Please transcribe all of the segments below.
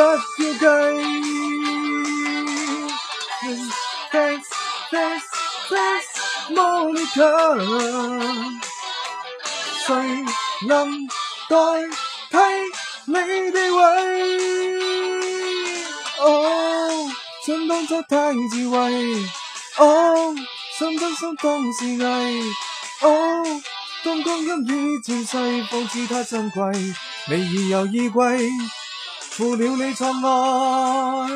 不要計，誰能代替你地位？o 想當初太自衞。o 想真心當示威。Oh，當 oh, oh, 光陰已漸逝，方知它珍貴，未易又易貴。負了你錯愛，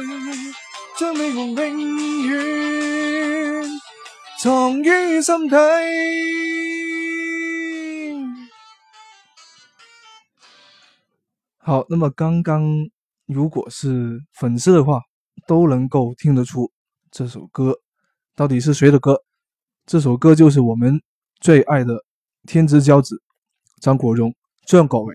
將美夢永遠藏於心底。好，那麼剛剛如果是粉絲的話，都能夠聽得出這首歌到底是誰的歌？這首歌就是我們最愛的天之驕子張國榮，張國榮。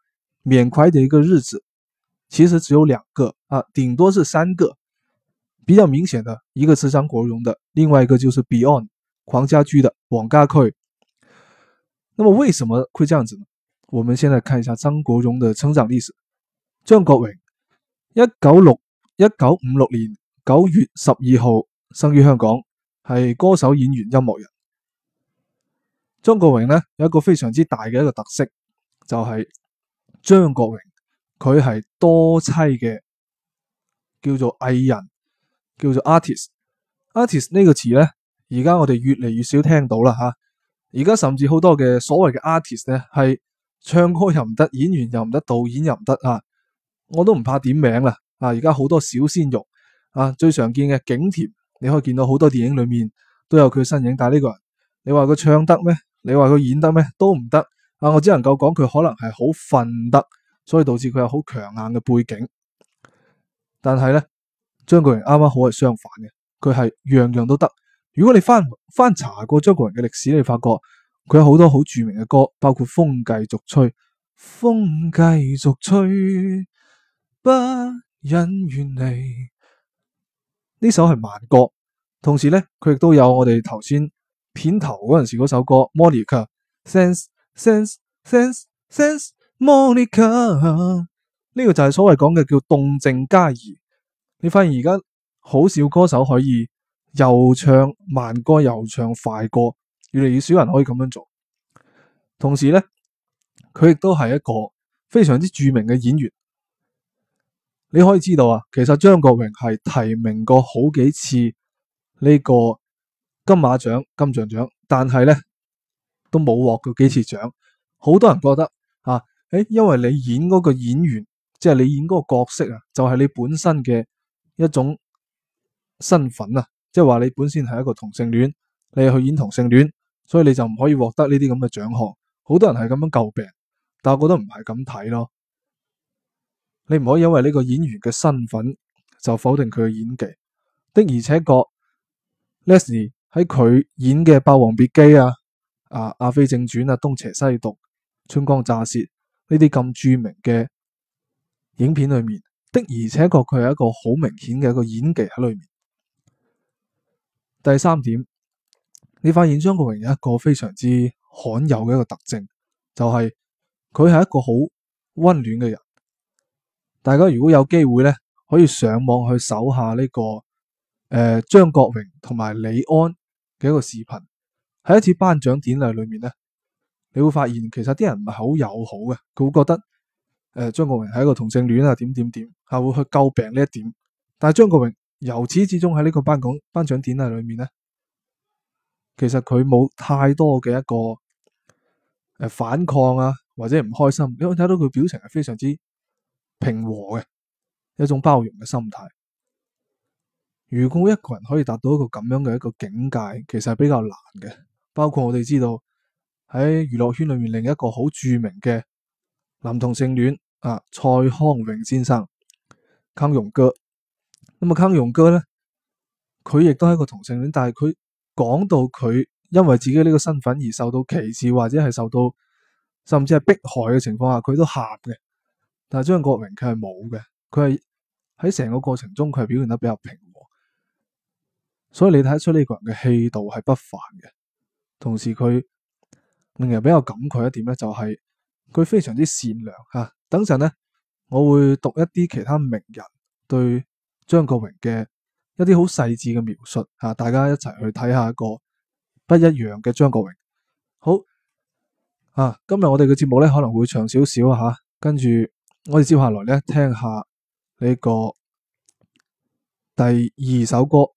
緬懷的一個日子，其實只有兩個啊，頂多是三個。比較明顯的，一個是張國榮的，另外一個就是 Beyond 黃家駒的黃家駒。那麼為什麼會這樣子呢？我們先來看一下張國榮的成長歷史。張國榮，一九六一九五六年九月十二號生於香港，係歌手、演員、音樂人。張國榮呢有一個非常之大嘅一個特色，就係、是。張國榮佢係多妻嘅，叫做藝人，叫做 artist。artist 呢個詞呢，而家我哋越嚟越少聽到啦吓。而家甚至好多嘅所謂嘅 artist 呢，係唱歌又唔得，演員又唔得，導演又唔得啊！我都唔怕點名啦啊！而家好多小鮮肉啊，最常見嘅景甜，你可以見到好多電影裏面都有佢嘅身影，但係呢個人，你話佢唱得咩？你話佢演得咩？都唔得。啊！我只能夠講佢可能係好瞓得，所以導致佢有好強硬嘅背景。但係咧，張國榮啱啱好係相反嘅，佢係樣樣都得。如果你翻翻查過張國榮嘅歷史，你發覺佢有好多好著名嘅歌，包括風繼續吹。風繼續吹，不忍遠離。呢首係慢歌。同時咧，佢亦都有我哋頭先片頭嗰陣時嗰首歌《Monica Sense》Sense Sense Sense Monica，呢個就係所謂講嘅叫動靜皆宜。你發現而家好少歌手可以又唱慢歌又唱快歌，越嚟越少人可以咁樣做。同時呢，佢亦都係一個非常之著名嘅演員。你可以知道啊，其實張國榮係提名過好幾次呢個金馬獎、金像獎，但係呢。都冇獲過幾次獎，好多人覺得啊，誒，因為你演嗰個演員，即係你演嗰個角色啊，就係你本身嘅一種身份啊，即係話你本身係一個同性戀，你去演同性戀，所以你就唔可以獲得呢啲咁嘅獎項。好多人係咁樣詬病，但係我覺得唔係咁睇咯。你唔可以因為呢個演員嘅身份就否定佢嘅演技。的而且確，Leslie 喺佢演嘅《霸王別姬》啊。啊！阿飛正傳啊，東邪西毒、春光乍泄呢啲咁著名嘅影片裏面，的而且確佢係一個好明顯嘅一個演技喺裏面。第三點，你發現張國榮有一個非常之罕有嘅一個特徵，就係佢係一個好溫暖嘅人。大家如果有機會咧，可以上網去搜下呢個誒張國榮同埋李安嘅一個視頻。喺一次頒獎典禮裏面咧，你會發現其實啲人唔係好友好嘅，佢會覺得誒張國榮係一個同性戀啊，點點點，係會去詬病呢一點。但係張國榮由始至終喺呢個頒獎頒獎典禮裏面咧，其實佢冇太多嘅一個誒反抗啊，或者唔開心。你可以睇到佢表情係非常之平和嘅，一種包容嘅心態。如果一個人可以達到一個咁樣嘅一個境界，其實係比較難嘅。包括我哋知道喺娛樂圈裏面另一個好著名嘅男同性戀啊，蔡康永先生，康永哥。咁啊，康永哥咧，佢亦都係一個同性戀，但係佢講到佢因為自己呢個身份而受到歧視或者係受到甚至係迫害嘅情況下，佢都吓嘅。但係張國榮佢係冇嘅，佢係喺成個過程中佢係表現得比較平和，所以你睇得出呢個人嘅氣度係不凡嘅。同時佢令人比較感慨一點咧，就係佢非常之善良吓、啊。等陣咧我會讀一啲其他名人對張國榮嘅一啲好細緻嘅描述吓、啊，大家一齊去睇下一個不一樣嘅張國榮。好啊，今日我哋嘅節目咧可能會長少少吓，跟住、啊、我哋接下來咧聽下呢個第二首歌。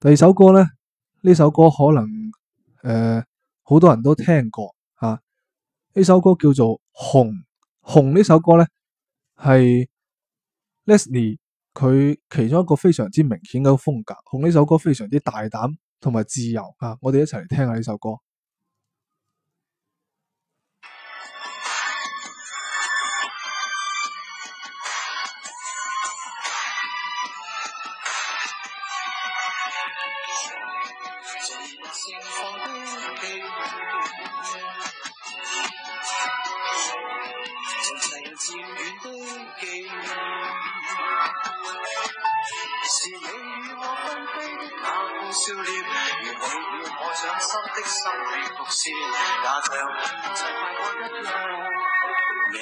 第二首歌咧，呢首歌可能。誒，好、呃、多人都聽過吓呢、啊、首歌叫做《紅》，紅呢首歌咧係 Leslie 佢其中一個非常之明顯嘅風格。紅呢首歌非常之大膽同埋自由啊！我哋一齊嚟聽下呢首歌。笑臉，如捧了我掌心的生氣復燃，也像一切快過一樣。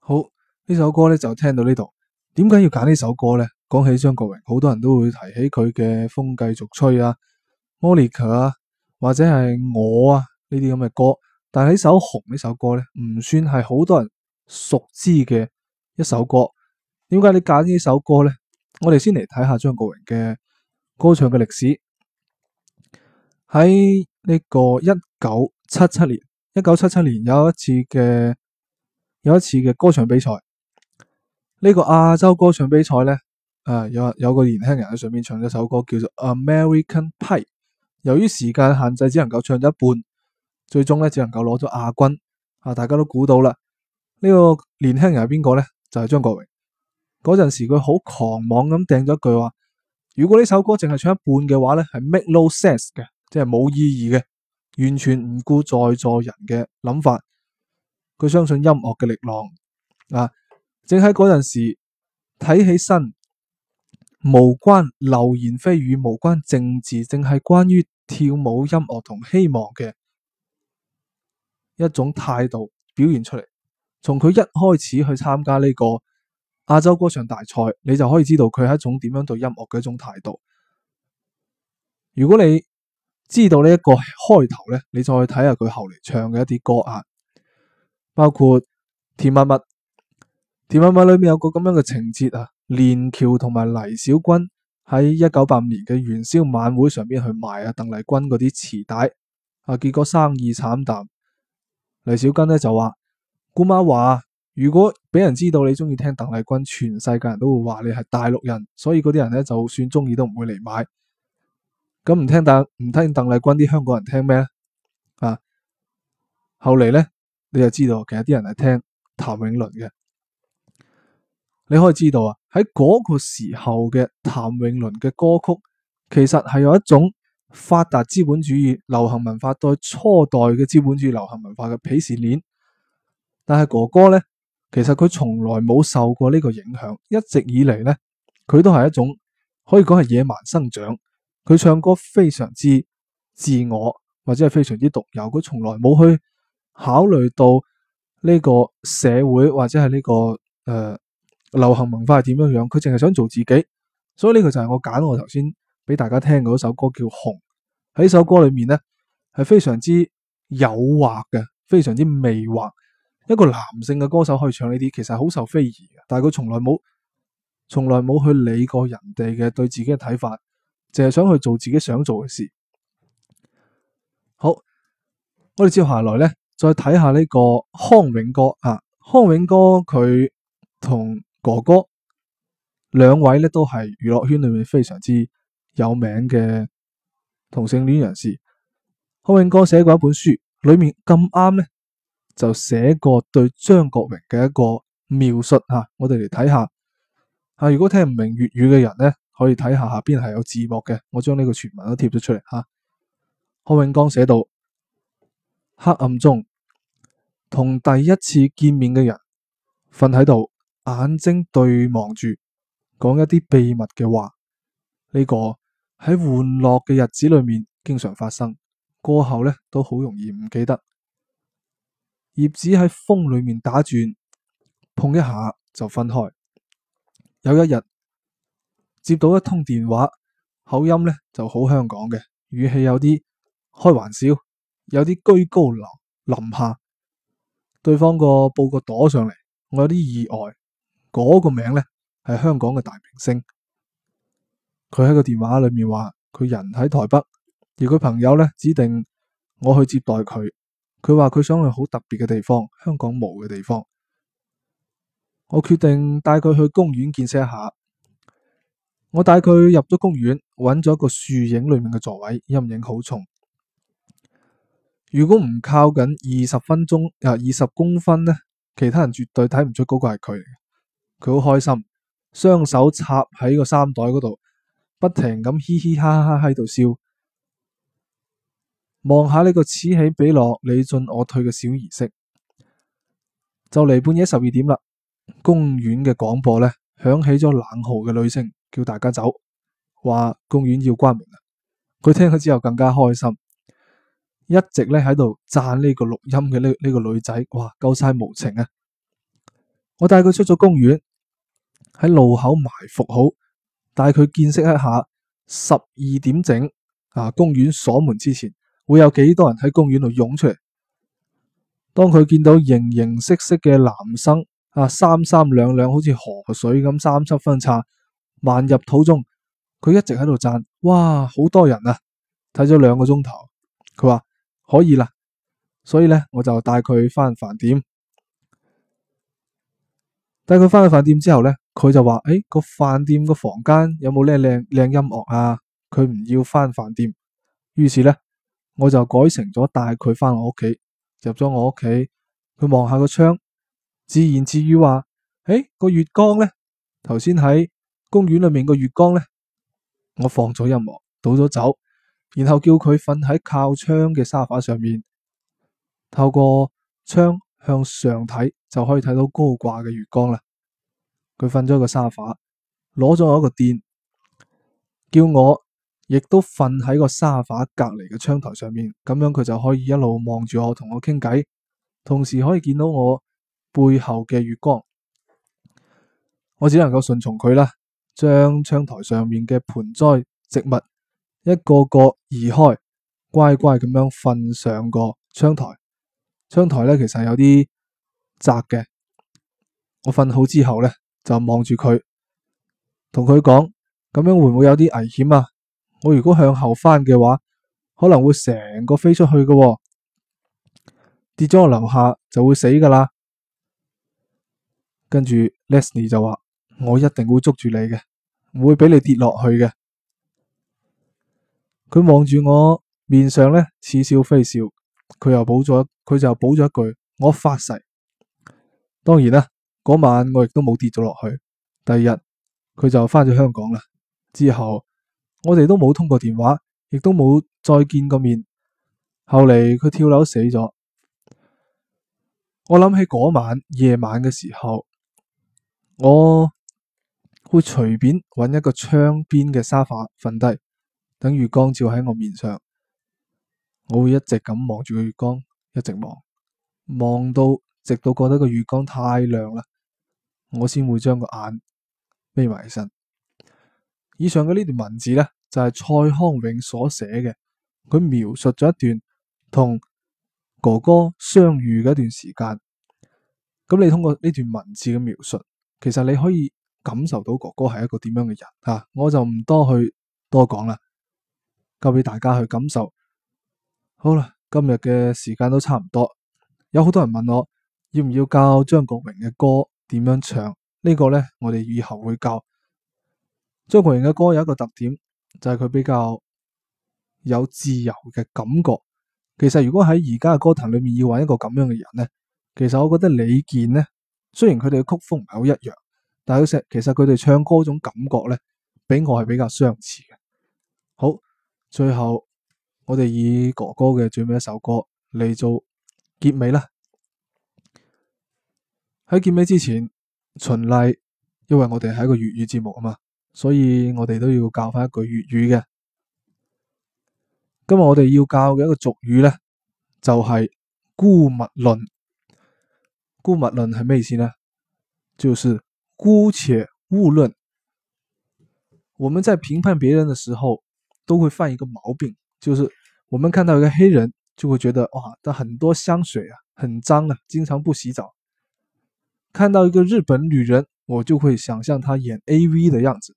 好，呢首歌呢就聽到呢度。點解要揀呢首歌呢？講起張國榮，好多人都會提起佢嘅《風繼續吹》啊、Monica 啊，或者係我啊呢啲咁嘅歌，但係呢首《紅》呢首歌呢，唔算係好多人。熟知嘅一首歌，點解你揀呢首歌咧？我哋先嚟睇下張國榮嘅歌唱嘅歷史。喺呢個一九七七年，一九七七年有一次嘅有一次嘅歌唱比賽，呢個亞洲歌唱比賽咧，誒、啊、有有個年輕人喺上面唱咗首歌叫做《American Pie》，由於時間限制，只能夠唱咗一半，最終咧只能夠攞咗亞軍。啊，大家都估到啦。呢個年輕人係邊個咧？就係張國榮。嗰陣時佢好狂妄咁掟咗一句話：如果呢首歌淨係唱一半嘅話咧，係 make no sense 嘅，即係冇意義嘅，完全唔顧在座人嘅諗法。佢相信音樂嘅力量。啊，正喺嗰陣時睇起身，無關流言蜚語，無關政治，淨係關於跳舞、音樂同希望嘅一種態度表現出嚟。從佢一開始去參加呢個亞洲歌唱大賽，你就可以知道佢係一種點樣對音樂嘅一種態度。如果你知道呢一個開頭咧，你再睇下佢後嚟唱嘅一啲歌啊，包括麥麥《甜蜜蜜》。《甜蜜蜜》裏面有個咁樣嘅情節啊，連翹同埋黎小軍喺一九八五年嘅元宵晚會上邊去賣啊鄧麗君嗰啲磁帶啊，結果生意慘淡。黎小軍咧就話。姑媽話：如果俾人知道你中意聽鄧麗君，全世界人都會話你係大陸人，所以嗰啲人咧就算中意都唔會嚟買。咁唔聽鄧唔聽鄧麗君啲香港人聽咩咧？啊，後嚟咧你就知道，其實啲人係聽譚詠麟嘅。你可以知道啊，喺嗰個時候嘅譚詠麟嘅歌曲，其實係有一種發達資本主義流行文化對初代嘅資本主義流行文化嘅鄙視鏈。但係哥哥咧，其實佢從來冇受過呢個影響，一直以嚟咧，佢都係一種可以講係野蠻生長。佢唱歌非常之自我，或者係非常之獨有。佢從來冇去考慮到呢個社會或者係呢、呢個誒、呃、流行文化係點樣樣。佢淨係想做自己。所以呢個就係我揀我頭先俾大家聽嗰首歌叫《紅》。喺呢首歌裏面咧，係非常之誘惑嘅，非常之魅惑。一個男性嘅歌手可以唱呢啲，其實好受非議嘅。但係佢從來冇，從來冇去理過人哋嘅對自己嘅睇法，淨係想去做自己想做嘅事。好，我哋接下嚟咧，再睇下呢個康永哥啊。康永哥佢同哥哥兩位咧，都係娛樂圈裏面非常之有名嘅同性戀人士。康永哥寫過一本書，裏面咁啱咧。就寫過對張國榮嘅一個描述吓、啊，我哋嚟睇下吓、啊。如果聽唔明粵語嘅人咧，可以睇下下邊係有字幕嘅。我將呢個全文都貼咗出嚟吓。何、啊、永剛寫到黑暗中同第一次見面嘅人瞓喺度，眼睛對望住，講一啲秘密嘅話。呢、這個喺玩樂嘅日子裏面經常發生，過後咧都好容易唔記得。葉子喺風裏面打轉，碰一下就分開。有一日接到一通電話，口音咧就好香港嘅，語氣有啲開玩笑，有啲居高臨臨下。對方個報個朵上嚟，我有啲意外。嗰、那個名咧係香港嘅大明星。佢喺個電話裏面話佢人喺台北，而佢朋友咧指定我去接待佢。佢話佢想去好特別嘅地方，香港冇嘅地方。我決定帶佢去公園見識一下。我帶佢入咗公園，揾咗一個樹影裏面嘅座位，陰影好重。如果唔靠近二十分鐘啊二十公分呢，其他人絕對睇唔出嗰個係佢。佢好開心，雙手插喺個衫袋嗰度，不停咁嘻嘻哈哈喺度笑。望下呢個此起彼落、你進我退嘅小儀式，就嚟半夜十二點啦。公園嘅廣播咧響起咗冷酷嘅女聲，叫大家走，話公園要關門啦。佢聽咗之後更加開心，一直咧喺度讚呢讚個錄音嘅呢呢個女仔，哇，夠晒無情啊！我帶佢出咗公園，喺路口埋伏好，帶佢見識一下十二點整啊，公園鎖門之前。會有幾多人喺公園度湧，湧出嚟？當佢見到形形色色嘅男生啊，三三兩兩，好似河水咁三七分叉，漫入肚中，佢一直喺度讚：哇，好多人啊！睇咗兩個鐘頭，佢話可以啦。所以咧，我就帶佢翻飯店。帶佢翻去飯店之後咧，佢就話：誒、哎，個飯店個房間有冇咩靚靚音樂啊？佢唔要翻飯店。於是咧。我就改成咗帶佢翻我屋企，入咗我屋企，佢望下個窗，自言自語話：誒、欸，個月光咧，頭先喺公園裏面個月光咧，我放咗音樂，倒咗酒，然後叫佢瞓喺靠窗嘅沙發上面，透過窗向上睇就可以睇到高掛嘅月光啦。佢瞓咗個沙發，攞咗我一個墊，叫我，亦都瞓喺個沙發隔籬嘅窗台上面，咁樣佢就可以一路望住我同我傾偈，同時可以見到我背後嘅月光。我只能夠順從佢啦，將窗台上面嘅盆栽植物一個個移開，乖乖咁樣瞓上個窗台。窗台咧其實係有啲窄嘅，我瞓好之後咧就望住佢，同佢講，咁樣會唔會有啲危險啊？我如果向後翻嘅話，可能會成個飛出去嘅、哦，跌咗我樓下就會死噶啦。跟住 Leslie 就話：我一定會捉住你嘅，唔會俾你跌落去嘅。佢望住我面上咧，似笑非笑，佢又補咗，佢就補咗一句：我發誓。當然啦，嗰晚我亦都冇跌咗落去。第二日，佢就翻咗香港啦。之後。我哋都冇通過電話，亦都冇再見過面。後嚟佢跳樓死咗。我諗起嗰晚夜晚嘅時候，我會隨便揾一個窗邊嘅沙發瞓低，等月光照喺我面上。我會一直咁望住個月光，一直望，望到直到覺得個月光太亮啦，我先會將個眼眯埋起身。以上嘅呢段文字呢，就係蔡康永所寫嘅，佢描述咗一段同哥哥相遇嘅一段時間。咁你通過呢段文字嘅描述，其實你可以感受到哥哥係一個點樣嘅人啊！我就唔多去多講啦，交俾大家去感受。好啦，今日嘅時間都差唔多，有好多人問我，要唔要教張國榮嘅歌點樣唱？呢個呢，我哋以後會教。張國榮嘅歌有一個特點，就係佢比較有自由嘅感覺。其實如果喺而家嘅歌壇裏面要揾一個咁樣嘅人咧，其實我覺得李健咧，雖然佢哋嘅曲風唔係好一樣，但係其實佢哋唱歌嗰種感覺咧，俾我係比較相似嘅。好，最後我哋以哥哥嘅最尾一首歌嚟做結尾啦。喺結尾之前，循例，因為我哋係一個粵語節目啊嘛。所以我哋都要教翻一句粵語嘅。今日我哋要教嘅一個俗語呢，就係姑勿論。姑勿論係咩意思呢？就是姑且勿論。我們在評判別人的時候，都會犯一個毛病，就是我們看到一個黑人，就會覺得哇，他很多香水啊，很髒啊，經常不洗澡。看到一個日本女人，我就會想象她演 AV 的樣子。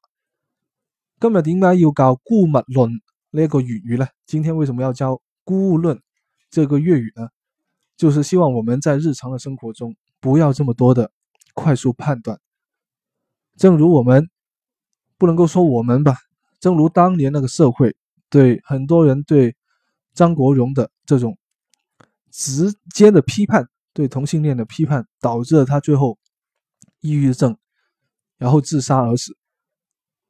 根本點解要搞孤物論，那個粵語咧？今天為什麼要教《孤物論》這個粵語呢？就是希望我們在日常的生活中不要這麼多的快速判斷。正如我們，不能夠說我們吧，正如當年那個社會，對很多人對張國榮的這種直接的批判，對同性戀的批判，導致了他最後抑鬱症，然後自殺而死。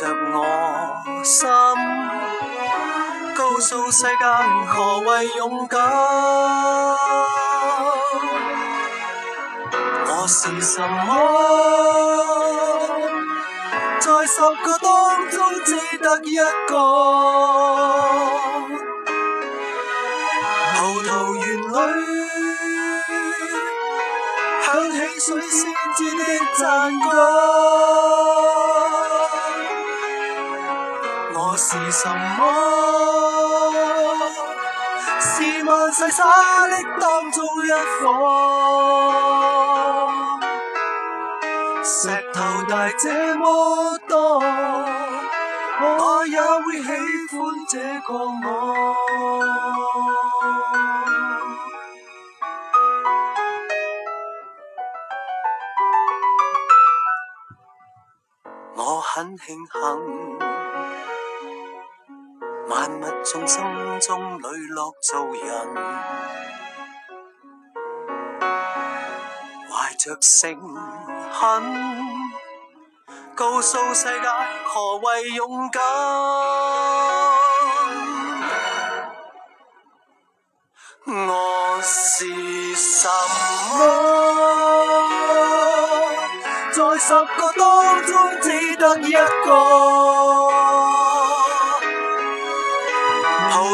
着我心，告訴世界何謂勇敢。我是什麼，在十個當中只得一個。葡萄園裏響起水仙子的讚歌。什麼是萬世沙礫當中一顆？石頭大這麼多，我也會喜歡這個我。我很慶幸。從心中磊落做人，懷着誠懇，告訴世界何為勇敢。我是什麼？在十個當中只得一個。